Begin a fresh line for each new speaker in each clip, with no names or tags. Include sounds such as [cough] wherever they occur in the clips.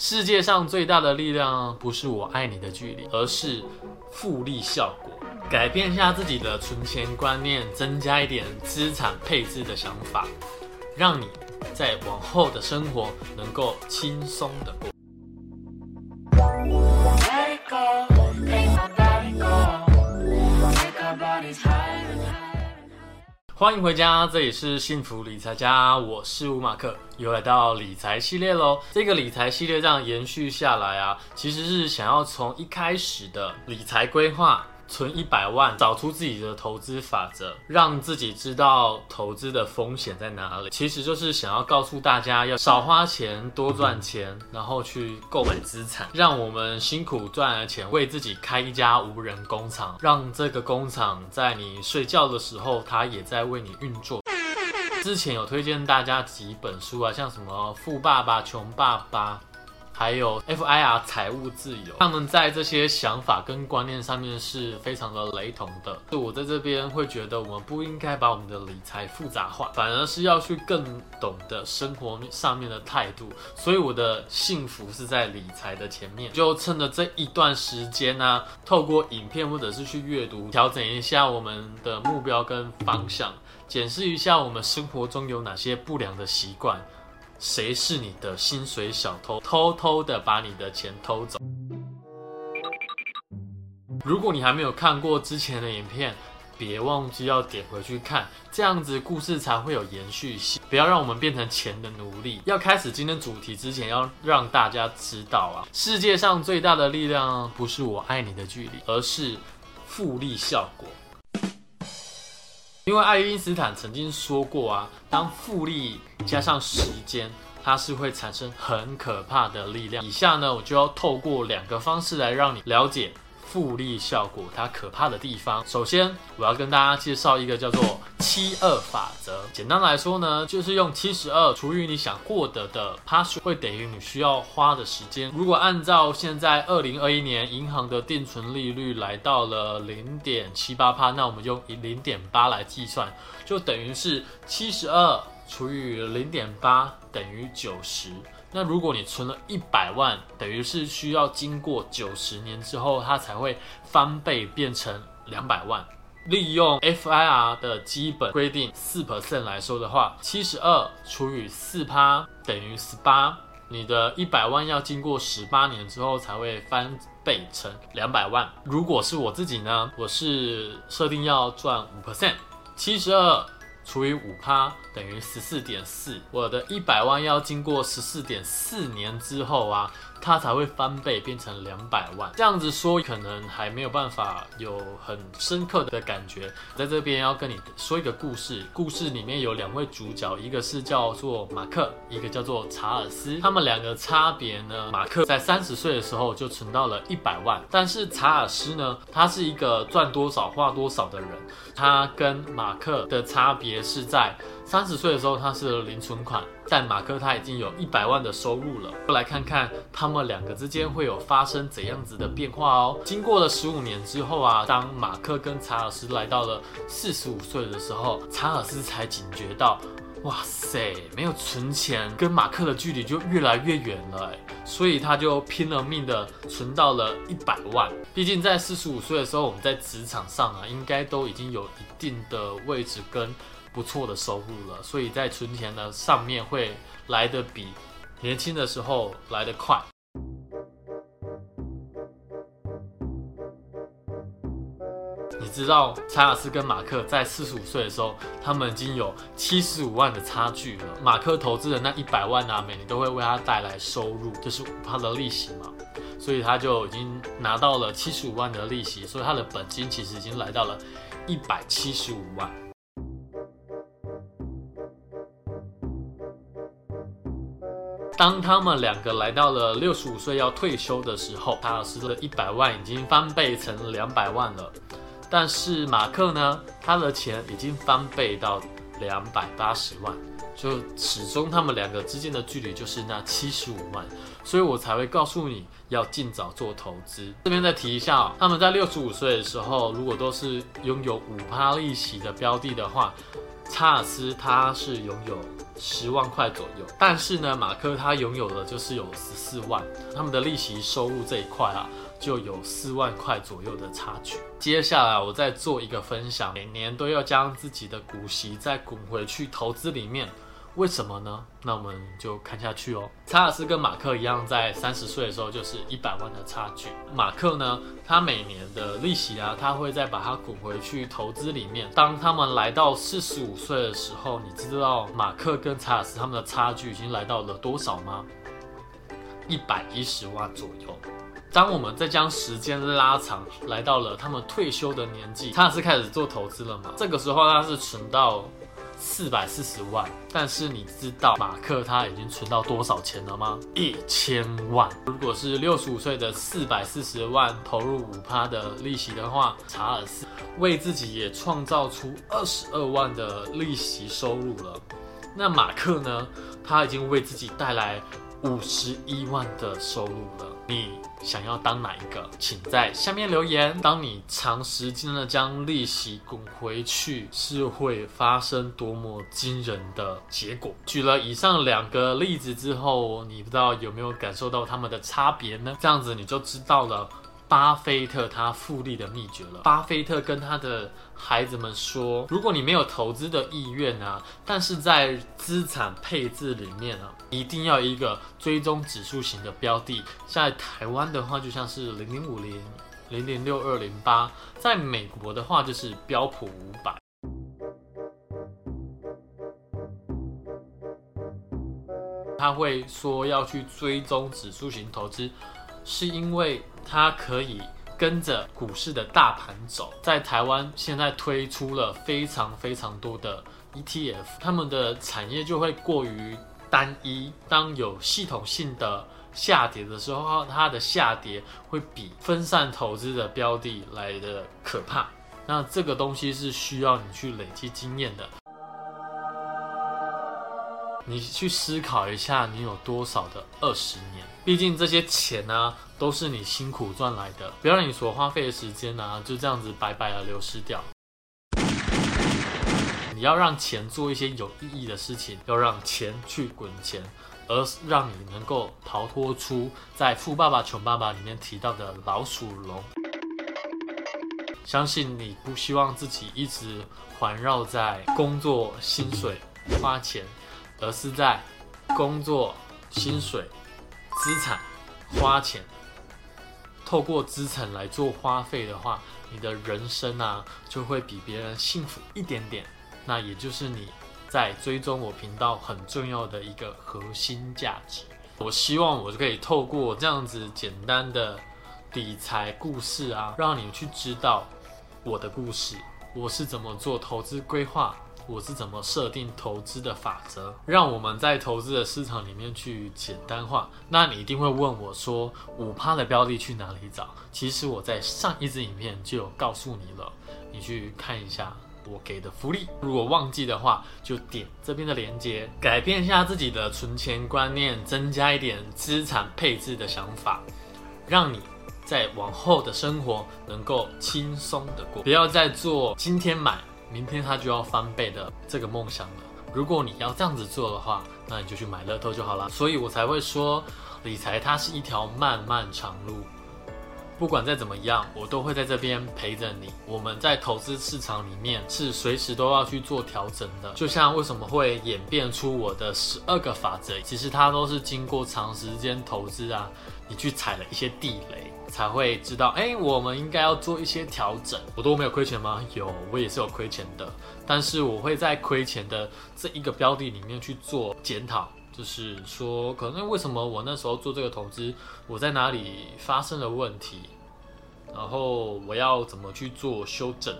世界上最大的力量不是我愛你的距離，而是複利效果。改變一下自己的存錢觀念，增加一點資產配置的想法，讓你在往後的生活能夠輕鬆的過。歡迎回家，這裡是幸福理財家，我是吳馬克，又來到理財系列嘍。這個理財系列這樣延續下來啊，其實是想要從一開始的理財規劃。存一百萬，找出自己的投資法則，讓自己知道投資的風險在哪裡。其實就是想要告訴大家，要少花錢多賺錢，然後去購買資產，讓我們辛苦賺了錢為自己開一家無人工廠，讓這個工廠在你睡覺的時候，它也在為你運作。之前有推薦大家幾本書啊，像什麼《富爸爸窮爸爸》。還有 FIR 財務自由，他們在這些想法跟觀念上面是非常的雷同的。就我在這邊會覺得，我們不應該把我們的理財複雜化，反而是要去更懂得生活上面的態度。所以我的幸福是在理財的前面。就趁着這一段時間呢，透過影片或者是去閱讀，調整一下我們的目標跟方向，檢視一下我們生活中有哪些不良的習慣。誰是你的薪水小偷？偷偷的把你的錢偷走。如果你還沒有看過之前的影片，別忘記要點回去看，這樣子故事才會有延續性。不要讓我們變成錢的奴隸。要開始今天主題之前，要讓大家知道啊，世界上最大的力量不是我愛你的距離，而是複利效果。因為愛因斯坦曾經說過啊，當複利加上時間，它是會產生很可怕的力量。以下呢，我就要透過兩個方式來讓你了解複利效果它可怕的地方。首先，我要跟大家介紹一個叫做。七二法則，簡單來說呢，就是用七十二除以你想獲得的趴數，會等於你需要花的時間。如果按照現在二零二一年銀行的定存利率來到了零點七八趴，那我們就以零點八來計算，就等於是七十二除以零點八等於九十。那如果你存了一百萬，等於是需要經過九十年之後，它才會翻倍變成兩百萬。利用 FIR 的基本規定四 percent 來說的話，七十二除以四趴等於十八，你的一百萬要經過十八年之後才會翻倍成兩百萬。如果是我自己呢，我是設定要賺五 percent，七十二除以五趴等於十四點四，我的一百萬要經過十四點四年之後啊，他才會翻倍變成兩百萬。這樣子說可能還沒有辦法有很深刻的感覺，在這邊要跟你說一個故事。故事裡面有兩位主角，一個是叫做馬克，一個叫做查爾斯。他們兩個差別呢？馬克在三十歲的時候就存到了一百萬，但是查爾斯呢，他是一個賺多少花多少的人。他跟馬克的差別是在。三十歲的時候，他是零存款，但馬克他已經有一百萬的收入了。過來看看他們兩個之間會有發生怎樣子的變化哦。經過了十五年之後啊，當馬克跟查爾斯來到了四十五歲的時候，查爾斯才警覺到，哇塞，沒有存錢，跟馬克的距離就越來越遠了。所以他就拼了命的存到了一百萬。畢竟在四十五歲的時候，我們在職場上啊，應該都已經有一定的位置跟。不錯的收入了，所以在存錢的上面會來得比年輕的時候來得快。 [noise] 你知道查爾斯跟馬克在四十五歲的時候，他們已經有七十五萬的差距了。馬克投資的那一百萬呢、啊，每年都會為他帶來收入，就是他的利息嘛，所以他就已經拿到了七十五萬的利息，所以他的本金其實已經來到了一百七十五萬。當他們兩個來到了六十五歲要退休的時候，查爾斯的一百萬已經翻倍成兩百萬了，但是馬克呢，他的錢已經翻倍到兩百八十萬，就始終他們兩個之間的距離就是那七十五萬，所以我才會告訴你要盡早做投資。這邊再提一下哦，他們在六十五歲的時候，如果都是擁有五趴利息的標的的話，查爾斯他是擁有。十萬塊左右，但是呢，馬克他擁有的就是有十四萬，他們的利息收入這一塊啊，就有四萬塊左右的差距。接下來我再做一個分享，每年都要將自己的股息再滾回去投資裡面。為什麼呢？那我們就看下去哦。查爾斯跟馬克一樣，在三十歲的時候，就是一百萬的差距。馬克呢，他每年的利息啊，他會再把它滾回去投資裡面。當他們來到四十五歲的時候，你知道馬克跟查爾斯他們的差距已經來到了多少嗎？一百一十萬左右。當我們再將時間拉長，來到了他們退休的年紀，查爾斯開始做投資了嘛，這個時候他是存到。四百四十萬，但是你知道馬克他已經存到多少錢了嗎？一千萬。如果是六十五歲的四百四十萬投入五趴的利息的話，查爾斯為自己也創造出二十二萬的利息收入了。那馬克呢？他已經為自己帶來五十一萬的收入了。你想要當哪一個？請在下面留言。當你長時間的將利息滾回去，是會發生多麼驚人的結果？舉了以上兩個例子之後，你不知道有沒有感受到他們的差別呢？這樣子你就知道了，巴菲特他複利的秘訣了。巴菲特跟他的孩子們說：“如果你沒有投資的意願啊，但是在資產配置裡面啊，一定要一個追蹤指數型的標的。在台灣的話，就像是零零五零零零六二零八；在美國的話，就是標普五百。他會說要去追蹤指數型投資，是因為。”它可以跟着股市的大盤走，在台灣現在推出了非常非常多的 ETF，他們的產業就會過於單一。當有系統性的下跌的時候，它的下跌會比分散投資的標的來得可怕。那這個東西是需要你去累積經驗的。你去思考一下，你有多少的二十年？畢竟這些錢呢、啊，都是你辛苦賺來的，不要讓你所花費的時間呢、啊、就這樣子白白的流失掉。你要讓錢做一些有意義的事情，要讓錢去滾錢，而讓你能夠逃脫出在《富爸爸窮爸爸》裡面提到的老鼠籠。相信你不希望自己一直環繞在工作、薪水、花錢。而是在工作、薪水、資產、花錢，透過資產來做花費的話，你的人生啊就會比別人幸福一點點。那也就是你在追蹤我頻道很重要的一個核心價值。我希望我就可以透過這樣子簡單的理財故事啊，讓你去知道我的故事，我是怎麼做投資規劃。我是怎麼設定投資的法則，讓我們在投資的市場裡面去簡單化？那你一定會問我說5，五趴的標的去哪裡找？其實我在上一支影片就有告訴你了，你去看一下我給的複利。如果忘記的話，就點這邊的連接，改變一下自己的存錢觀念，增加一點資產配置的想法，讓你在往後的生活能夠輕鬆的過，不要再做今天買。明天他就要翻倍的這個夢想了。如果你要這樣子做的話，那你就去買樂透就好了。所以我才會說，理財它是一條漫漫長路。不管再怎麼樣，我都會在這邊陪着你。我們在投資市場裡面是隨時都要去做調整的。就像為什麼會演變出我的十二個法則？其實它都是經過長時間投資啊，你去踩了一些地雷。才會知道，誒、欸，我們應該要做一些調整。我都沒有虧錢嗎？有，我也是有虧錢的，但是我會在虧錢的這一個標的裡面去做檢討，就是說，可能為什麼我那時候做這個投資，我在哪裡發生了問題，然後我要怎麼去做修整，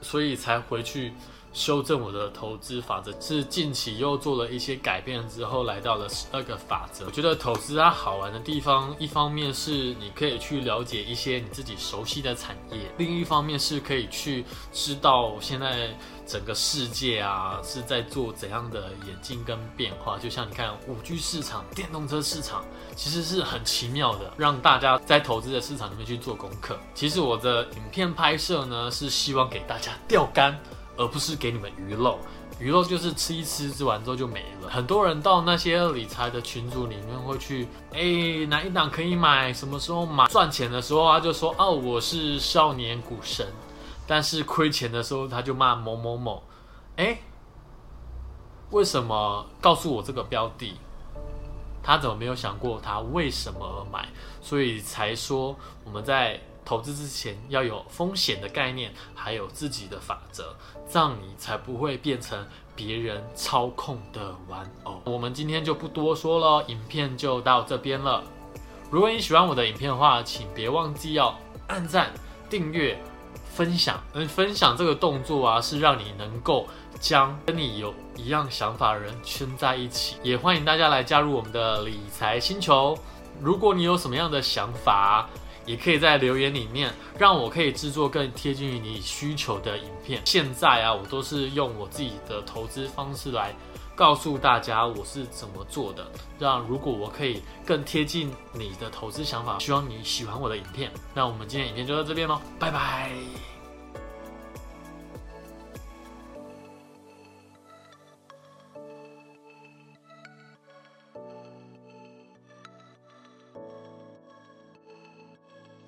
所以才回去。修正我的投資法則，是近期又做了一些改變之後，來到了十二個法則。我覺得投資它好玩的地方，一方面是你可以去了解一些你自己熟悉的產業，另一方面是可以去知道現在整個世界啊是在做怎樣的演進跟變化。就像你看五 G 市場、電動車市場，其實是很奇妙的，讓大家在投資的市場裡面去做功課。其實我的影片拍攝呢，是希望給大家釣竿。而不是給你們魚肉，魚肉就是吃一吃，吃完之後就沒了。很多人到那些理財的群組裡面會去，哎，哪一檔可以買？什麼時候買？賺錢的時候，他就說，哦，我是少年股神。但是虧錢的時候，他就罵某某某，哎，為什麼告訴我這個標的？他怎麼沒有想過他為什麼而買？所以才說我們在投資之前要有風險的概念，還有自己的法則，這樣你才不會變成別人操控的玩偶。我們今天就不多說了，影片就到這邊了。如果你喜歡我的影片的話，請別忘記要按讚、訂閱、分享。嗯、呃，分享這個動作啊，是讓你能夠將跟你有一樣想法的人圈在一起。也歡迎大家來加入我們的理財星球。如果你有什麼樣的想法，也可以在留言裡面，讓我可以製作更貼近於你需求的影片。現在啊，我都是用我自己的投資方式來告訴大家我是怎麼做的。那如果我可以更貼近你的投資想法，希望你喜歡我的影片。那我們今天影片就到這邊咯，拜拜。